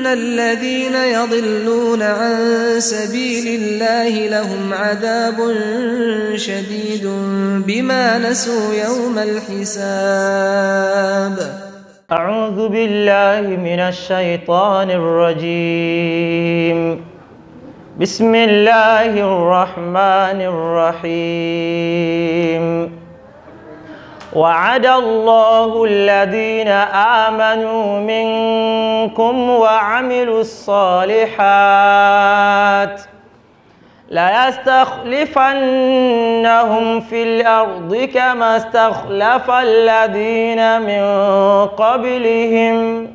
ان الذين يضلون عن سبيل الله لهم عذاب شديد بما نسوا يوم الحساب اعوذ بالله من الشيطان الرجيم بسم الله الرحمن الرحيم وعد الله الذين آمنوا منكم وعملوا الصالحات ليستخلفنهم في الأرض كما استخلف الذين من قبلهم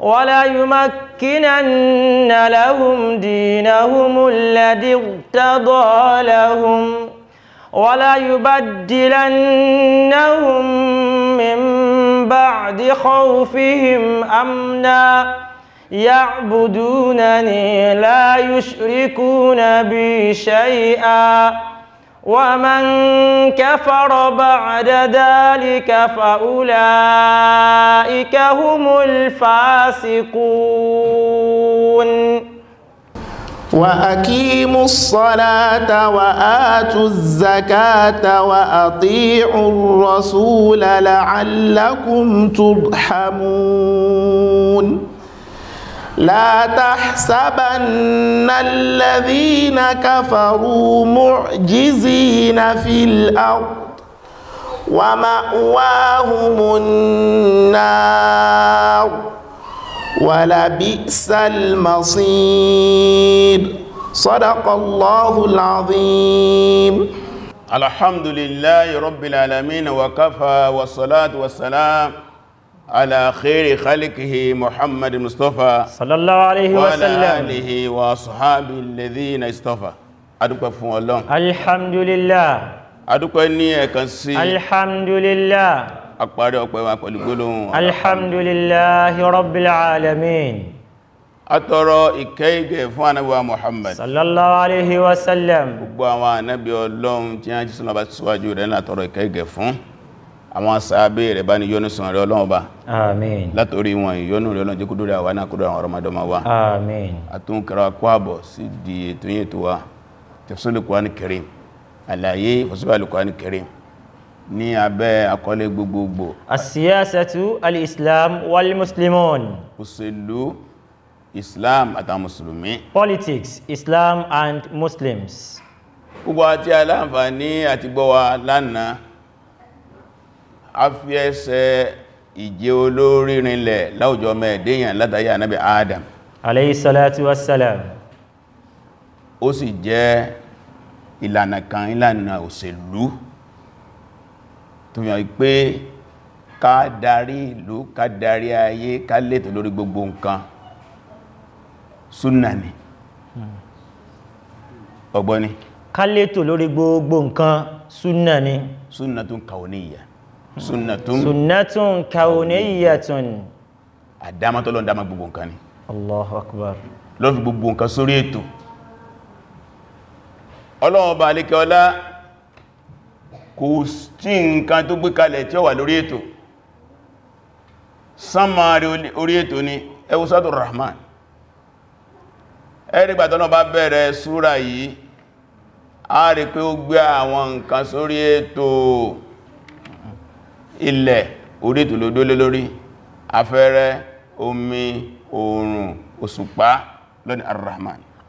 وليمكنن لهم دينهم الذي ارتضى لهم وليبدلنهم من بعد خوفهم أمنا يعبدونني لا يشركون بي شيئا ومن كفر بعد ذلك فأولئك هم الفاسقون وأقيموا الصلاة وآتوا الزكاة وأطيعوا الرسول لعلكم ترحمون لا تحسبن الذين كفروا معجزين في الأرض ومأواهم النار ولبئس المصير صدق الله العظيم الحمد لله رب العالمين وكفى والصلاة والسلام على خير خلقه محمد مصطفى صلى الله عليه وسلم وعلى آله وصحابه الذين اصطفى adúpẹ́ fún Ọlọ́run alhamdulillah adúpẹ́ ní ẹ̀kan sí alhamdulillah àparí ọpẹ́ wa pẹ̀lú gbólóhùn alhamdulillahi rabbil alamin àtọrọ ìkẹ́ ìgẹ̀ fún ànábì wa Muhammad sallallahu alaihi wasallam gbogbo àwọn ànábì Ọlọ́run tí a jí sọ́nà bá síwájú rẹ̀ ní àtọrọ ìkẹ́ ìgẹ̀ fún àwọn sàábé rẹ̀ bá ní yọ́nú sùn rẹ̀ Ọlọ́run bá àmín látorí wọn ìyọ́nú ní abẹ́ àkọlé gbogbogbò asíyásẹ́tú al-islam wal òṣèlú islam àtàwọn musulmi politics islam and muslims gbogbo àti aláǹfàní àti gbọ́wà lánàá a fi ẹsẹ̀ ìjẹ́ olórí rinlẹ̀ láwùjọ mẹ́ẹ̀dẹ́yàn látàyà náàbì adam alayhi wassalam ó sì jẹ́ ìlànà kan ìlànà òṣèlú tó yàn pé ká darí ìlú ká darí ayé ká lètò lórí gbogbo nǹkan súnà ni ọgbọ́n ni ká lètò lórí gbogbo nǹkan súnà ni súnà tún kàwọníyà súnà tún kàwọníyà tún àdámátọ́lọ́ dámà gbogbo nǹkan ni Allahu Akbar lọ́fi gbogbo nǹkan sórí ètò ọlọ́wọ́ bá kò sí nǹkan tó gbé kalẹ̀ tí ó wà lórí ètò sánmàrí orí ètò ni ẹwùsátò rahman ẹ̀rìgbà tọ́nà bá bẹ̀rẹ̀ súra yìí a rí pé ó gbé àwọn nǹkan sórí ètò ilẹ̀ orí ètò ló lórí afẹ́rẹ́ omi oòrùn òṣùpá lọ́nà ar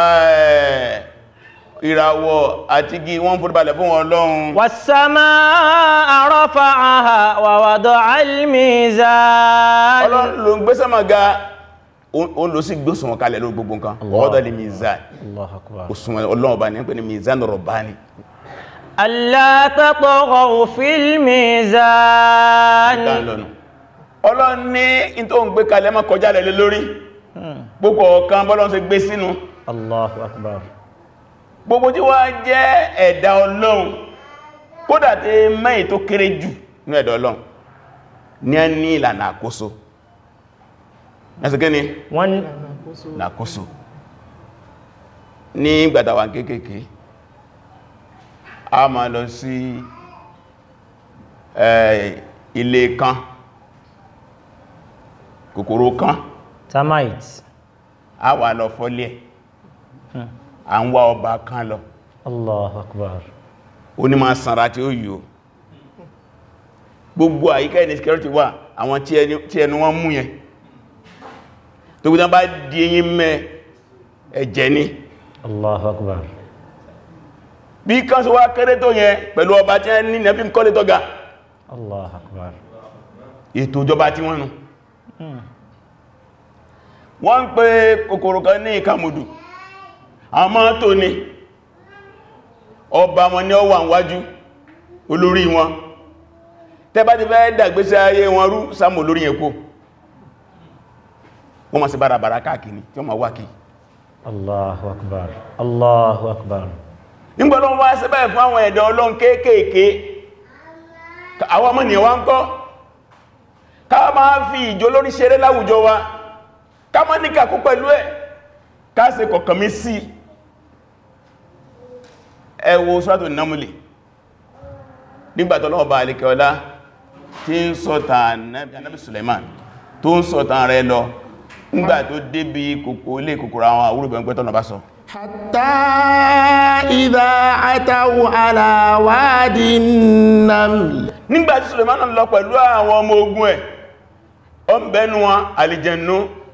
Eh, ìràwọ̀ àti igi wọ́n fòdíbalẹ̀ fún Ọlọ́run wàsàmà àrọ́fà àhà wàwàdọ̀ alìmìzà Ọlọ́run ló ń gbé ga o ló sì gbé òṣùwọ̀n kalẹ̀ lórí gbogbo nǹkan wàwàdọ̀ alìmìzà òṣùwọ̀n Ọlọ́run ọba ní pé ní mìzàn rọ̀bánì fil mizan Ọlọ́run ní ìtò ń gbé kalẹ̀ mọ́ kọjá lẹ́lẹ́ lórí gbogbo ọ̀kan bọ́lọ́n ṣe gbé sínú gbogbo tí jẹ́ ẹ̀dà Ọlọ́run kódà tí tó kéré jù ní ẹ̀dà Ọlọ́run ní a ní ìlànà àkóso ni wọ́n ní àkóso ní kan kòkòrò kan termite a wà lọ fọ́lé ẹ̀ hmm. à ń wá ọba kan lọ Allahu Akbar ó ní máa sanra tí ó yíò gbogbo àyíká ẹni security wà àwọn tí ẹnu wọn mú yẹn tó gbogbo bá di eyín mẹ́ ẹ̀jẹ̀ ni Allahu bí kan sọ wá kéré tó yẹn pẹ̀lú ọba tí ẹni ní ẹbí ń tọ́ga Allahu ètò ìjọba tí wọ́n nù wọ́n ń pè kòkòrò kan ní ìkàmùdù àmọ́ tó ní ọba wọn ni ó wà níwájú olórí wọn tẹ́bá ti fẹ́ dàgbésẹ̀ ayé wọn rú sáàmù olórí ẹ̀kó wọ́n ma sí bárabàrá káàkiri tí wọ́n ma wá kí Allahu Akbar Allahu fi wa ká má ní kàkún pẹ̀lú ẹ̀ ká ṣe kọ̀kan mí sí ẹ wo sọ́tò námúlì nígbàtọ̀lọ́ọ̀bá alékẹ́ọlá tí ń sọ́ta anábì Suleiman tó ń sọ́ta rẹ lọ nígbà tó débi kòkó lè kòkòrò àwọn àwúrùgbẹ̀ pẹ́tọ̀nà bá sọ hatta idha atawu ala wadin naml nígbàtí Suleiman lọ pẹ̀lú àwọn ọmọ ogun ẹ̀ ọ ń bẹnu wọn àlìjẹ̀nú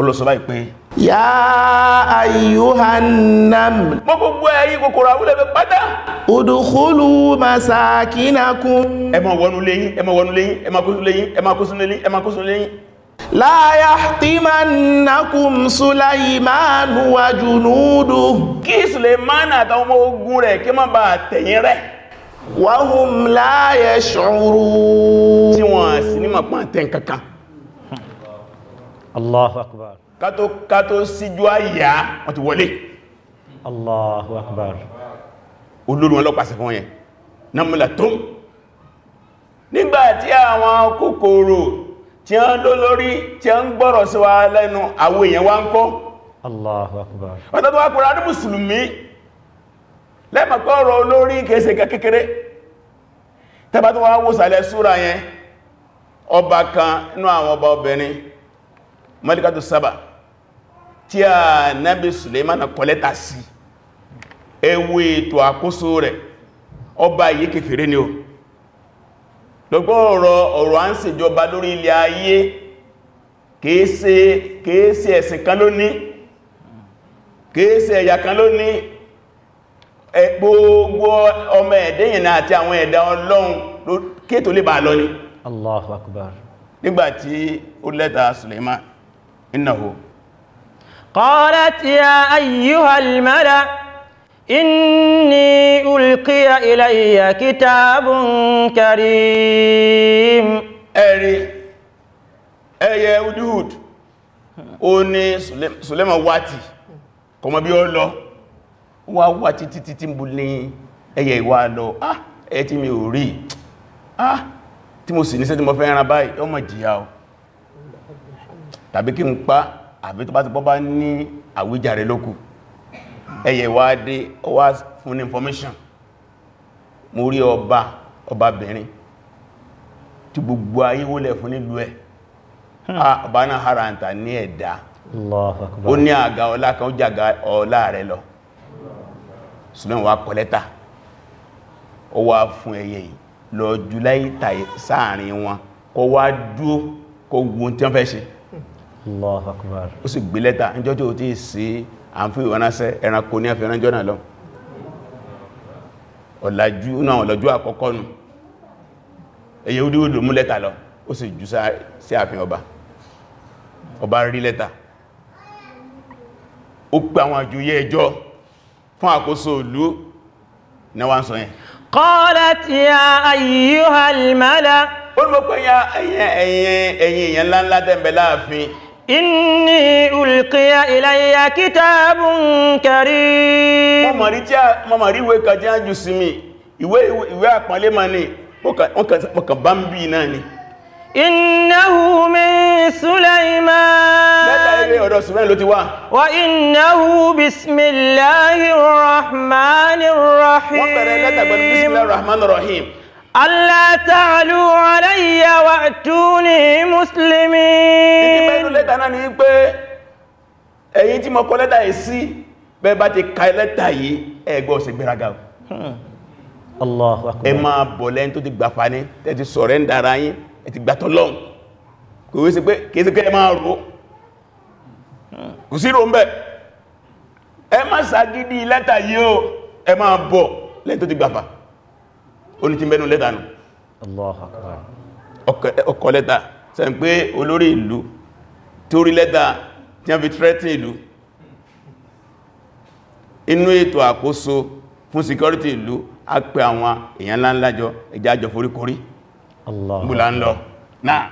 olóṣọ́bá ìpé yá ayyuhannam mọ́ gbogbo ẹ̀yin kòkòrò àwúlẹ̀ pátá udkhulu masakinakum ẹ máa wọnú ilé yín ẹ máa wọnú ilé yín ẹ máa kó sínú ilé yín ẹ máa kó sínú ilé yín ẹ máa kó sínú ilé yín la yahtimannakum sulaimanu wa junuduhu kí Sùlèmánù àtàwọn ọmọ ogun rẹ̀ kí má bà tẹ̀yìn rẹ̀ wa hum la yash'urun tí wọ́n sì ní mọ̀ pàntẹ́ kankan Allahu akbar. Kátó kátó síjú àyà wọ́n ti wọlé. Allahu akbar. Olórí wọn lọ́pàá sí fún yẹn. Námúlà tó. Nígbà tí àwọn kòkòrò tí a ń ló lórí tí a ń gbọ́rọ̀ sí wa lẹ́nu àwọn èèyàn wá ń kọ́. Allahu akbar. Ọ̀tọ́ tó wá kòrò adé Mùsùlùmí lẹ́mọ̀kọ́ ọ̀rọ̀ olórí kẹsẹ̀ kékeré. Tẹ́bà tó wá wó sàlẹ̀ súra yẹn, ọba kan inú àwọn ọba obìnrin mọ́líkàtù saba tí a nábi suleiman kọlẹ́ta sí ewu ètò àkóso rẹ̀ ọba yìí kèfèrè ni o lọ́gbọ́ ọ̀rọ̀ ọ̀rọ̀ à lórí ilẹ̀ ayé kèése ẹ̀sìn kan ló ní kèése ẹ̀yà kan ló ní gbogbo ọmọ ẹ̀dẹ́yìn àti àwọn ẹ̀dá ọlọ́run kéètò lè bà lọ ni Allahu Akbar nígbàtí ó lẹ́ta Suleiman إنه قالت يا أيها الملأ إني ألقي إلي كتاب كريم ẹ̀rí ẹyẹ udhud ó ní Suleiman wáti kọmọ bí ó lọ wá wá títí títí bú ní ah ẹ tí mi ò ah tí mo sì ní sẹ́ tí mo fẹ́ ẹran báyìí ọmọ jìyà o tàbí kí n pa àbí tó bá ti pọ́ bá ní àwíjàre lókù ẹyẹ wá dé ó wá fún ní information mo rí ọba ọbabìnrin tí gbogbo ayé wólẹ̀ fún nílùú ẹ̀ hmm. ah, ọba náà hara ń ta ní ẹ̀dá ó ní àga ọlá kan ó jàga ọlá rẹ̀ lọ ṣùgbọ́n wà kọlẹ́ta ó wá fún ẹyẹ yìí lọ jùláì tàí sáàrin wọn kó wá dúó kó gun tí wọ́n fẹ́ ṣe Allahu Akbar ó sì gbé lẹ́tà níjọ́jọ́ tí sí àǹfí ìwọ́násẹ́ ẹranko ní àfihànjọ́ náà lọ ọ̀làjú náà ọ̀làjú àkọ́kọ́ nù ẹ̀yẹ udúwùdù mú lẹ́tà lọ ó sì jù sí ààfin ọba ọba rí lẹ́tà ó pẹ àwọn àjòyẹ ẹjọ́ fún àkóso ìlú náà ń sọ yẹn qalat ó ní mọ́ pé ẹ̀yìn èèyàn ńláńlá tẹ́m̀bẹ̀ láàfin inni ulqiya ilayya kitabun karim mo mari ti mo mari ìwé kan ti anju sí mi ìwé ìwé àpọ́nlé ma ni mo kan mo kan ba nbi na ni innahu min sulaiman lẹ́tà ilé ọ̀dọ̀ sulaiman ló ti wá wa innahu bismillahir wọ́n bẹ̀rẹ̀ lẹ́tà pẹ̀lú ألا تعلوا علي وأتوني مسلمين. Ìdí bẹ́ẹ̀ inú lẹ́tà náà ni pé ẹ̀yin tí mo kọ lẹ́tà yìí sí bẹ́ẹ̀ bá ti ka lẹ́tà yìí ẹgbẹ́ ọ̀sẹ̀ gbéraga. Hmm. Allahu akbar. Ẹ máa bọ̀ lẹ́yìn tó ti gbà fani, tẹ́ ti sọ̀rẹ́ndà ara yín, ó ní ti mẹ́nu lẹ́tà nù ọkọ̀ lẹ́tà sẹ́n pé olórí ìlú tó rí lẹ́tà tí a fi threaten ìlú inú ètò àkóso fún security ìlú a pẹ àwọn èèyàn láńlájọ ìjájọ foríkorí búlá ń lọ náà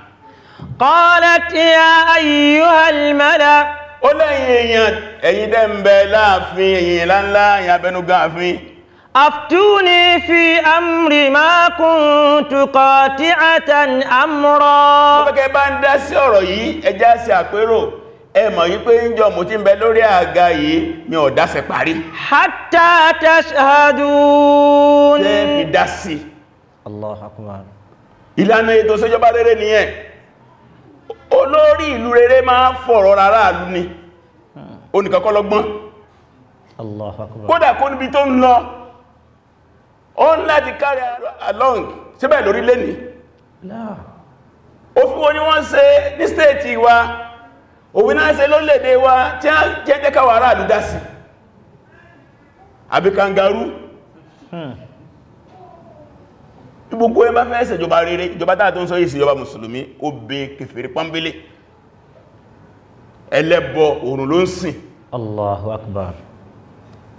qalat ya ayyuhal mala ó lẹ́yìn èèyàn ẹ̀yin dẹ́ ń bẹ láàfin èèyàn láńlá أفتوني في أمري ما كنت قاطعة أمرا. mo kẹ́kẹ́ bá ń dá sí ọ̀rọ̀ yìí ẹjá sí àpérò ẹ mọ̀ yí pé ń jọ mo ti ń bẹ lórí àga yìí mi ò dáṣẹ parí. hatta tashhadun. ṣe fi dá sí. Allahu Akbar. ìlànà ètò ìṣèjọba rere On ń láti carry along síbẹ̀ lórí lẹ́ni òfin wo ni wọ́n ṣe ní stéètì wa òfin náà ṣe lórílẹ̀-èdè wa tí a jẹ́ jẹ́ káwà ará àlúdá sí àbí kangarú hmm. gbogbo ẹmbá fẹ́ ṣe ìjọba rere ìjọba tàà tó ń sọ yìí sí ìjọba mùsùlùmí pọ́nbélé ẹlẹ́bọ òrùn ló ń sìn Allahu Akbar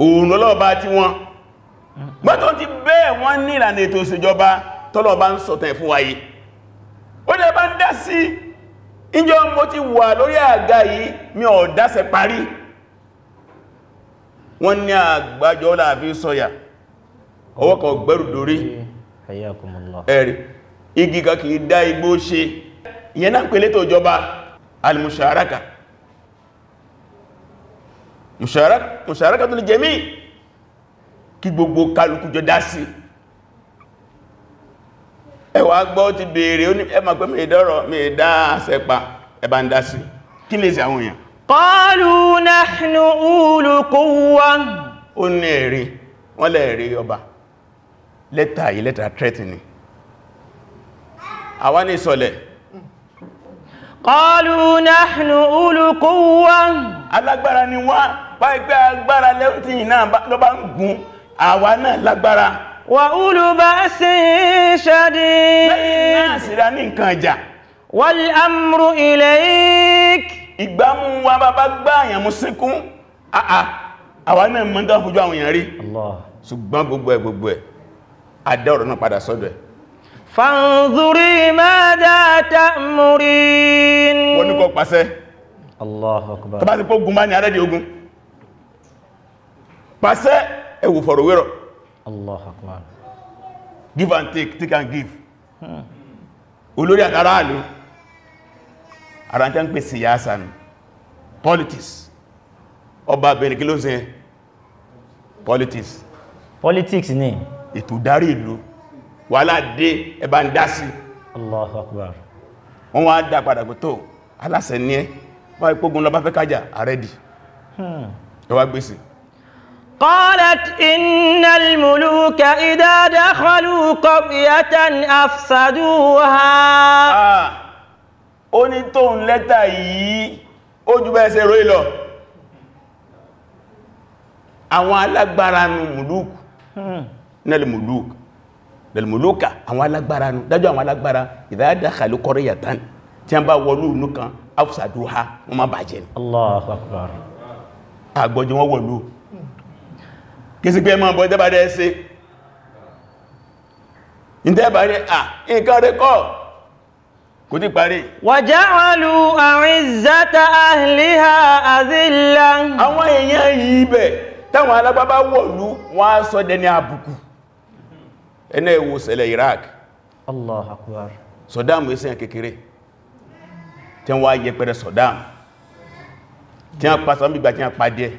òrùn lọ́lọ́ọ̀bá tí wọ́n mọ́tò ti bẹ́ẹ̀ wọ́n ní ìlànà ètò ìṣèjọba tọ́lọ̀ bá ń sọ̀tẹ̀ fún wáyé ó dẹ̀ bá ń dá sí ìjọ mo ti wà lórí àga yìí mi ò dáṣẹ parí wọ́n ní àgbàjọ láàfin sọ́yà ọwọ́kọ̀ gbẹ́rù dórí ẹ̀rì igi kan kìí dá igbó ṣe ìyẹn náà pèlé tó jọba al-musharaka kí gbogbo kálukú jọ dá sí ẹwà gbọ́ ti bèèrè ẹmà pé mẹ́ẹ̀dọ́rọ̀ mẹ́ẹ̀dá sẹpa ẹbá ń dá sí kí lè sí àwọn èèyàn qalu nahnu ulu quwwa ó ní ẹ̀rí wọ́n lẹ́ẹ̀rí ọba lẹ́tà yìí lẹ́tà threatening àwa ní ìsọ̀lẹ̀ qalu nahnu ulu quwwa alágbára ni wá pa agbára lẹ́rùn àwa náà lágbára wà úlùbá sí ṣadì lẹ́yìn náà sì rá ní nǹkan ìjà wal amru ilayk ìgbámú wa bàbá gbá àyàn mú àà àwa náà mọ́ dá fojú àwọn èèyàn ṣùgbọ́n gbogbo ẹ̀ gbogbo ẹ̀ adá náà padà sọ́dọ̀ ẹ̀ fàǹzúrí mẹ́dá tàmúrí ẹ wò fọ̀rọ̀wérọ̀ Allah akbar give and take take and give hmm. olórí àtàrà àlú ara tẹ́ ń pè síyásà ní politics ọba abẹni kí ló ṣe politics politics ni ètò darí ìlú wàhálà dé ẹba ń dá sí Allah akbar wọ́n wá dá padà pé tó aláṣẹ ní ẹ wọ́n ipógun lọ bá fẹ́ kájà àrẹ́dì hmm. ẹwà gbèsè قالت إن الملوك إذا دخلوا قرية أفسدوها ó ní tóun lẹ́tà yìí ó jù bẹ́ẹ̀ ṣe ròí lọ àwọn alágbára nù mùlúkù hmm. nílẹ̀ mùlúkù nílẹ̀ mùlúkà àwọn alágbára nù dájú àwọn alágbára إذا دخلوا قرية tí a bá wọlú ìlú kan أفسدوها wọ́n má bàjẹ́ ni Allahu Akbar àgbọ́jọ wọn wọlú kìí pé ẹmọ bọ̀ dẹ́bà rẹ̀ ṣe ìdẹ́bà rẹ̀ à nǹkan rẹ̀ kọ́ kò tí parí wàjáàlù àìzàtà àhìlíhà àzílá àwọn èèyàn yìí bẹ̀ táwọn alágbábá wọ̀lú wọ́n á sọ dẹni àbùkù ẹnà ẹwò Iraq Allahu Akbar Saddam ẹsẹ̀ kékeré tí wọ́n á yẹpẹrẹ Saddam tí wọ́n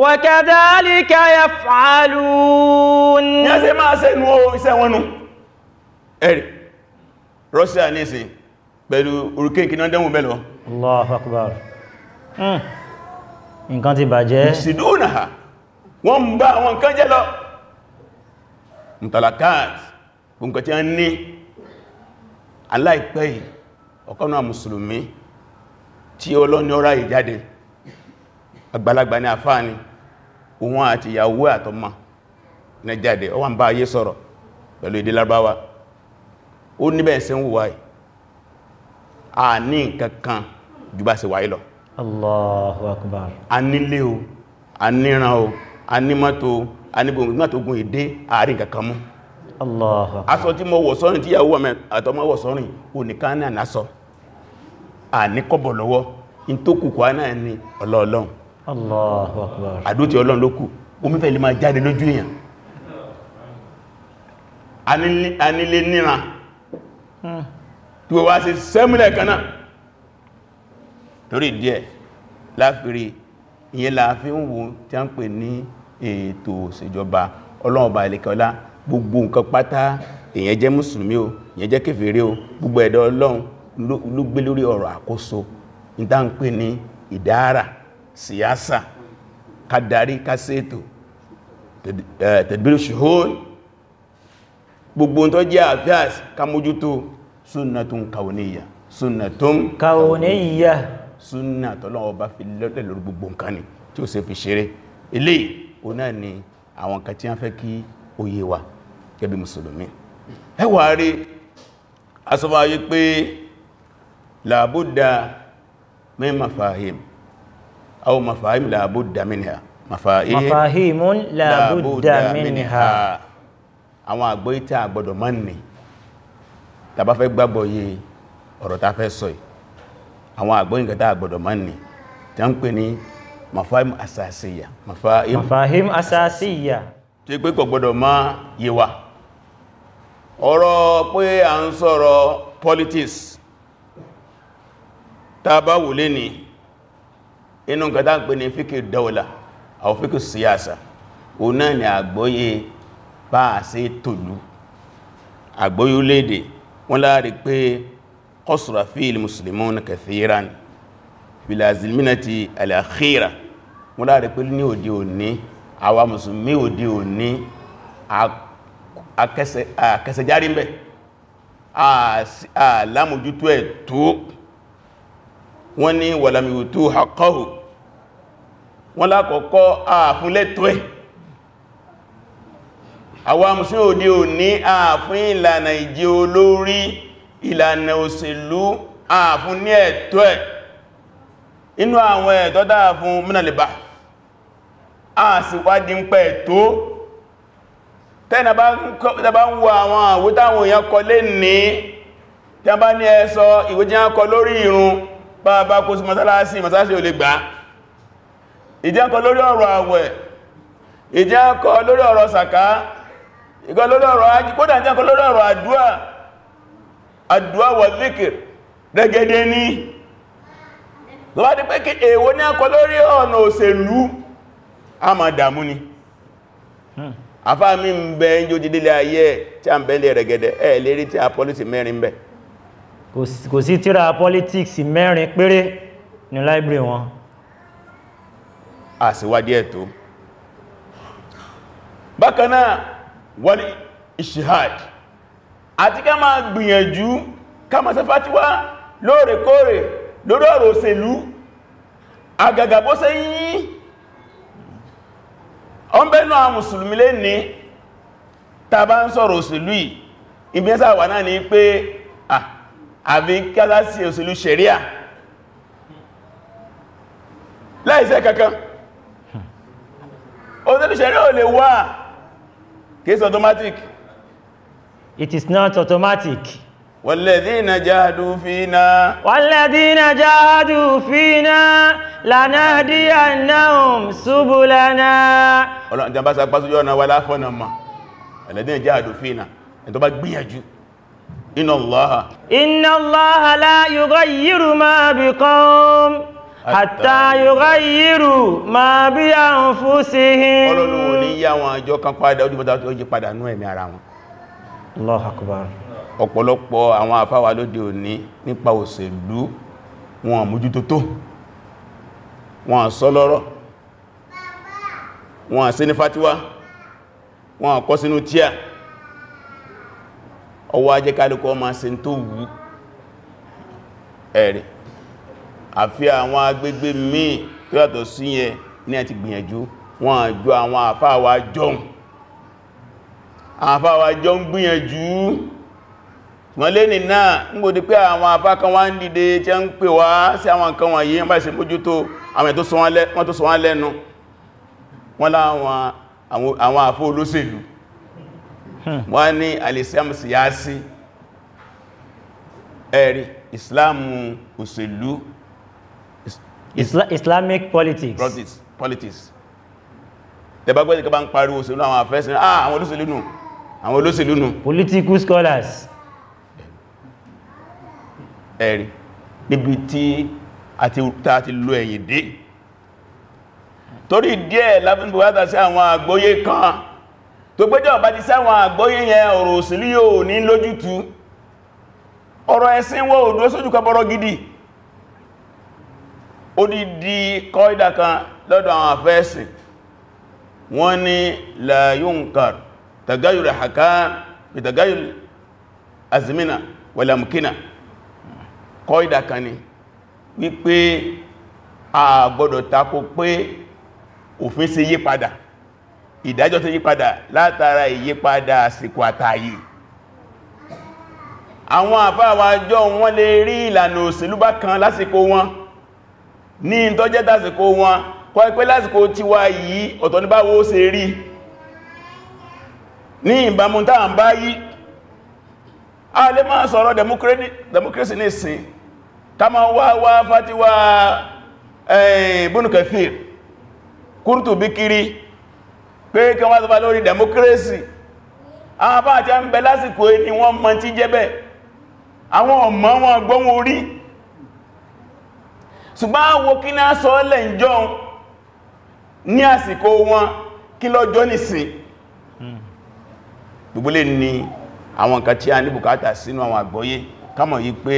wàkàdálíkà yaf'alun ní a ṣe máa ṣe inú iṣẹ́ wọn nù ẹ̀rì Russia ní ìsìn pẹ̀lú hurricane kí náà dẹ̀mù bẹ́lọ Allahu Akbar hmm. nǹkan ti bàjẹ́ ìsìdónà wọ́n ń bá àwọn nǹkan jẹ́ lọ mtalakat nǹkan a ní aláìpẹ́ yìí ọ̀kanú tí ọlọ́ni ọ̀rá àgbàlagbà ní àfáà ni òun àti ìyàwó àtọmọ ní jáde ọwà ń bá ayé sọ̀rọ̀ pẹ̀lú èdè Lárúbáwá ó níbẹ̀ sí ń wùwá ì a ní nǹkankan jù bá ṣe wáyé lọ Allahu Akbar a nílé o a níran o a ní Allahu Akbar aṣọ tí mo wọ̀ sọ́rìn tí ìyàwó àtọmọ wọ̀ sọ́rìn ò nìkan náà lọ́wọ́ in tó kùkù náà ni ọlọ́ọ̀lọ́un Allahu Akbar àdó tí ọlọ́run ló kù omi fẹ́ lè máa jáde lójú èèyàn anílé níra hmm. tí ó wá sí sẹ́mìlẹ̀ kanáà torí díẹ̀ láfírí ìyẹn láàfin wo tí a ń pè ní ètò ìṣèjọba ọlọ́ọ̀bà ilẹ̀kọ́lá gbogbo nǹkan pátá èyàn jẹ́ mùsùlùmí o èyàn jẹ́ kèfèrí o gbogbo ẹ̀dọ́ ọlọ́run ló gbé lórí ọ̀rọ̀ àkóso ìdá ń pè ní ìdára siyasa ká darí ká ṣètò tẹ̀dbírù ṣùhún gbogbo tó jẹ́ àfíàs ká mójútó sunnatun kauniyya sunnatun kauniyya súnnà tọ́lọ́wọ́ bá fi lọ́tẹ̀ lórí gbogbo nǹkan ni tí ó ṣe fi ṣeré ilé o náà ni àwọn kan tí a fẹ́ kí ó wa gẹ́bí mùsùlùmí ẹ rí asọ́fà yí pé làbúdà min mafahim أو مفاهيم لا بد منها مفاهيم مفاهيم لا بد منها àwọn àgbọ́ ìtẹ́ àgbọ́dọ̀ mọ́ ní tàbá fẹ́ gbàgbọ́ yí ọ̀rọ̀ ta fẹ́ sọ àwọn àgbọ́ ìkẹta àgbọ́dọ̀ mọ́ ní tí a ń pè ní mafahim asasiya mafahim asasiya tí pé kò gbọ́dọ̀ mọ́ yíwa ọ̀rọ̀ pé à ń sọ̀rọ̀ politics tàbá wùlé ni inú nǹkan tá ń pè ní fíkì dọ́ọ̀lá àwọn fíkì síyàsà o náà ni àgbóyé bá a sí tòlú àgbóyé léde wọ́n láàrí pé kọsùrà fíìlì musulmi na kàfíra ni filazilmina ti alakhira wọ́n láàrí pé ní òde òní àwa musulmi òde òní akẹsẹjárí mẹ́ àlámójútó ẹ̀ tó wọ́n ní wàlàmìwòtó haqqahu wọ́n lákọ̀ọ́kọ́ ààfúnlẹ́tọ́ ẹ̀ àwa mùsùlùmí òde òní ààfún ìlànà ìjẹ olórí ìlànà òṣèlú ààfún ní ẹ̀tọ́ ẹ̀ inú àwọn ẹ̀tọ́ dáa fún mínàlìbà ààsìwádìí ń pẹ̀ tó tẹ́nà bá ń wo àwọn àwótáwọn èèyàn bá masalasi masalasi ò lè gbà lórí ọ̀rọ̀ àwẹ̀ ìjẹ́kọ lórí ọ̀rọ̀ sàká ìjẹ́kọ lórí ọ̀rọ̀ ají kódà ìjẹ́kọ lórí ọ̀rọ̀ àdúà àdúà wà zikir rẹ̀gẹ̀dẹ̀ ní pé kí èwo a ma dàmú ni afá hmm. mi ń bẹ ẹjọ́ jídílé ayé tí a ń rẹ̀gẹ̀dẹ̀ ẹ̀ a mẹ́rin bẹ́ẹ̀ kò sí tíra politics mẹ́rin péré ní library wọn àṣíwádìí ẹ̀tọ́ bákanáà wọ́n ìṣìhàd àti ká máa gbìyànjú ká máa ṣe fàtíwá lóòrèkóòrè lórí ọ̀rọ̀ òṣèlú àgàgàbó ṣe yìí ọmọbẹ̀nà mùsùlùmí lè ní tàbá ń sọ̀rọ̀ òṣèlú ìbíẹ́sà wà náà ní pé àbí kálásì òṣèlú ṣẹ̀ríà láìṣẹ́ kankan òṣèlú ṣẹ̀ríà ò lè wà case automatic it is not automatic والذين جاهدوا فينا والذين جاهدوا فينا لنهدينهم سبلنا ọlọ́run jẹ́ bá sàpásójú ọ̀nà wà láfọ́nà mọ̀ الذين جاهدوا فينا ẹni tó bá gbìyànjú inna allaha inna allaha la yughayyiru ma biqawm hatta yughayyiru ma bi anfusihim Ọlọ́run ní yá wọn àjọ kan padà ojúbọ́ta tó jí padà nú ẹ̀mí ara wọn Allahu akbar ọ̀pọ̀lọpọ̀ àwọn àfáwà lóde òní nípa òṣèlú wọn àmójútótó wọn àsọlọ́rọ̀ wọn àsínífàtíwá wọn àkọ́ sínú tíà ọwọ́ ajẹ́ kálùkọ́ ma ṣe tó wù ẹ̀rẹ̀ àfi àwọn agbègbè míì tó yàtọ̀ sí yẹn ní àti gbìyànjú wọ́n àjọ àwọn àfáàwà jọun àfáàwà jọun gbìyànjú wọ́n lé ní náà ń gbò di pé àwọn afákan wá ń dìde tí a ń pè wá sí àwọn nǹkan wọ̀nyí bá wọ́n ní alìsílámù síyásí ẹ̀rí ìsìláàmù òṣèlú islamic politics politics politics tẹbàgbẹ́ ìkọba ń parí òṣèlú àwọn afẹ́sìn ah àwọn olóṣèlú nù àwọn olóṣèlú nù political scholars ẹ̀rí níbi tí a ti lo ẹ̀yìn dé torí díẹ̀ lábínbò látà sí àwọn àgbóyé kan tó gbẹ́jọ́ bá ti sáwọn àgbọ́yé yẹn ọ̀rọ̀ òsìlí yóò ní lójútú ọ̀rọ̀ ẹ̀sìn wọ́n òdó sójú kọbọ́rọ̀ gidi ó di di kọ́ìdà kan lọ́dọ̀ àwọn àfẹ́ẹ̀sìn wọ́n ní la yunkar tagayul hakam bi azmina wala mukina kọ́ìdà kan ni wípé a gbọ́dọ̀ tako òfin ṣe yí ìdájọ́ tó yípadà látara ìyípadà àsìkò àtàyè àwọn àfáàwà àjọ wọn lè rí ìlànà òṣèlú bá kan lásìkò wọn ní ìtọ́jẹ́ tásìkò wọn kọ́ ipé lásìkò tí wá yìí ọ̀tọ̀ ní báwo ṣe rí ní ìbámu táà ń bá yí a lè máa sọ̀rọ̀ democracy ní ìsìn ká máa wá wá fátíwá ẹ̀yìn bónúkẹfẹ́ pé kí wọ́n sọfà lórí democracy àwọn bá àti àmì lásìkò ní wọ́n mọ̀ tí jẹ́bẹ̀ àwọn ọmọ wọn gbọ́n orí ṣùgbọ́n àwọn kí náà sọ lẹ̀ ń jọ ní àsìkò wọn kí lọ́jọ́ nìsìn ní àwọn nǹkan tí a ní bùkátà sínú àwọn àgbọ́yé kámọ̀ yí pé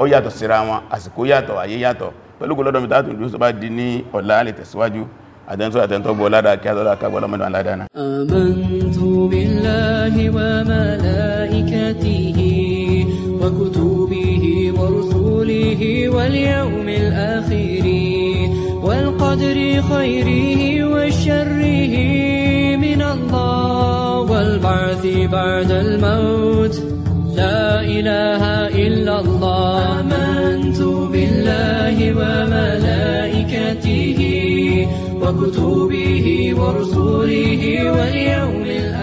ó yàtọ̀ síra wọn àsìkò yàtọ̀ ayé yàtọ̀ pẹ̀lú gbọ́lọ́dọ̀ mítàtù ìlú sọ bá di ní ọ̀la lè tẹ̀síwájú أدنسو أدنسو بولا دا كذا دا بولا من ولا دانا آمنت بالله وملائكته وكتبه ورسوله واليوم الآخر والقدر خيره وشره من الله والبعث بعد الموت لا إله إلا الله آمنت بالله وملائكته وكتبه ورسله واليوم الآخر